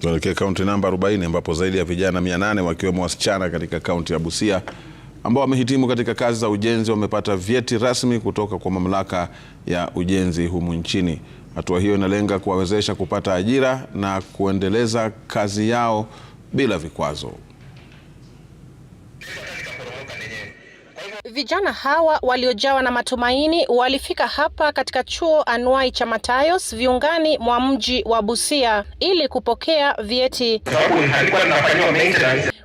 Tuelekee kaunti namba 40 ambapo zaidi ya vijana 800 wakiwemo wasichana katika kaunti ya Busia ambao wamehitimu katika kazi za ujenzi wamepata vyeti rasmi kutoka kwa mamlaka ya ujenzi humu nchini. Hatua hiyo inalenga kuwawezesha kupata ajira na kuendeleza kazi yao bila vikwazo. Vijana hawa waliojawa na matumaini walifika hapa katika chuo anuai cha Matayos viungani mwa mji wa Busia ili kupokea vyeti.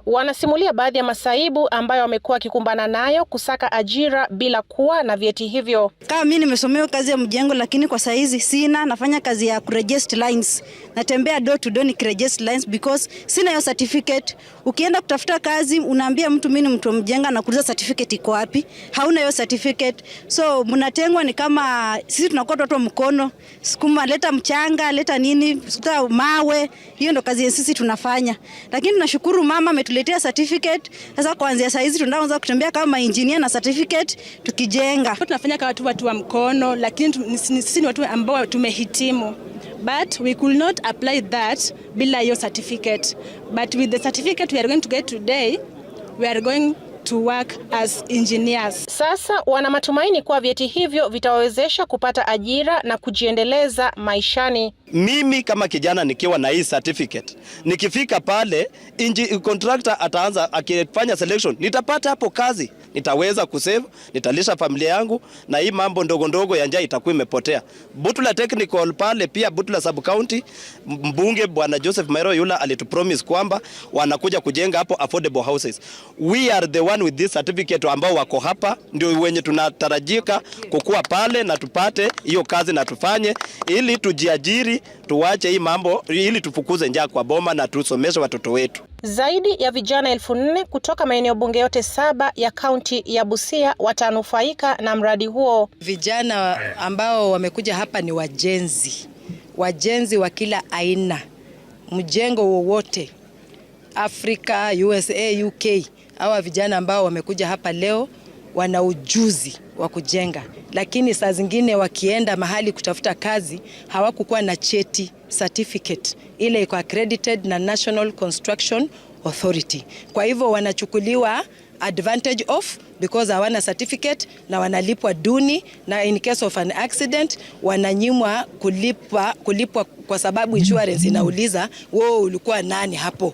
Wanasimulia baadhi ya masaibu ambayo wamekuwa wakikumbana nayo kusaka ajira bila kuwa na vyeti hivyo. Kama mimi nimesomea kazi ya mjengo, lakini kwa saizi sina, nafanya kazi ya kurejest lines, natembea door to door nikirejest lines because sina hiyo certificate. Ukienda kutafuta kazi, unaambia mtu mimi ni mtu wa mjenga, na kuuliza certificate iko wapi? Hauna hiyo certificate, so mnatengwa. Ni kama sisi tunakuwa watu wa mkono, sukuma leta mchanga, leta nini, mawe. Hiyo ndo kazi ya sisi tunafanya, lakini tunashukuru mama metu wanatuletea certificate. Sasa kuanzia saa hizi tunaanza kutembea kama engineer na certificate tukijenga. Tunafanya kama watu, watu wa mkono, lakini sisi ni watu ambao tumehitimu but we could not apply that bila hiyo certificate but with the certificate we are going to get today we are going to work as engineers. Sasa wana matumaini kuwa vyeti hivyo vitawawezesha kupata ajira na kujiendeleza maishani. Mimi kama kijana nikiwa na hii certificate, nikifika pale inji contractor ataanza akifanya selection, nitapata hapo kazi, nitaweza kusave, nitalisha familia yangu, na hii mambo ndogo ndogo ya njaa itakuwa imepotea. Butula Technical pale pia, Butula sub county, mbunge bwana Joseph Mairo Yula alitupromise kwamba wanakuja kujenga hapo affordable houses. We are the one with this certificate, ambao wako hapa ndio wenye tunatarajika kukua pale na tupate hiyo kazi na tufanye ili tujiajiri tuwache hii mambo ili tufukuze njaa kwa boma na tusomeshe watoto wetu. Zaidi ya vijana elfu nne kutoka maeneo bunge yote saba ya kaunti ya Busia watanufaika na mradi huo. Vijana ambao wamekuja hapa ni wajenzi, wajenzi wa kila aina, mjengo wowote Afrika, USA, UK. Hawa vijana ambao wamekuja hapa leo wana ujuzi wa kujenga, lakini saa zingine wakienda mahali kutafuta kazi hawakukuwa na cheti certificate ile iko accredited na National Construction Authority. Kwa hivyo wanachukuliwa advantage of because hawana certificate na wanalipwa duni, na in case of an accident wananyimwa kulipwa, kulipwa kwa sababu insurance inauliza wewe ulikuwa nani hapo.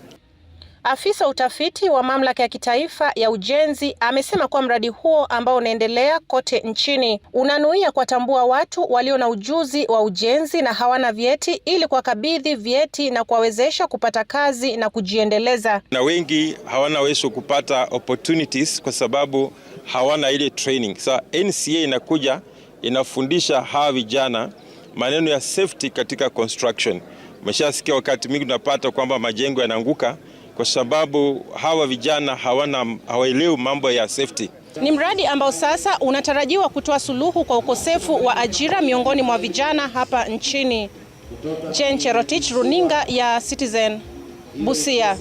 Afisa utafiti wa Mamlaka ya Kitaifa ya Ujenzi amesema kuwa mradi huo ambao unaendelea kote nchini unanuia kuwatambua watu walio na ujuzi wa ujenzi na hawana vyeti ili kuwakabidhi vyeti na kuwawezesha kupata kazi na kujiendeleza. Na wengi hawana uwezo kupata opportunities kwa sababu hawana ile training. NCA inakuja inafundisha hawa vijana maneno ya safety katika construction. Umeshasikia wakati mwingi tunapata kwamba majengo yanaanguka kwa sababu hawa vijana hawana hawaelewi mambo ya safety. Ni mradi ambao sasa unatarajiwa kutoa suluhu kwa ukosefu wa ajira miongoni mwa vijana hapa nchini. Jane Cherotich, Runinga ya Citizen, Busia.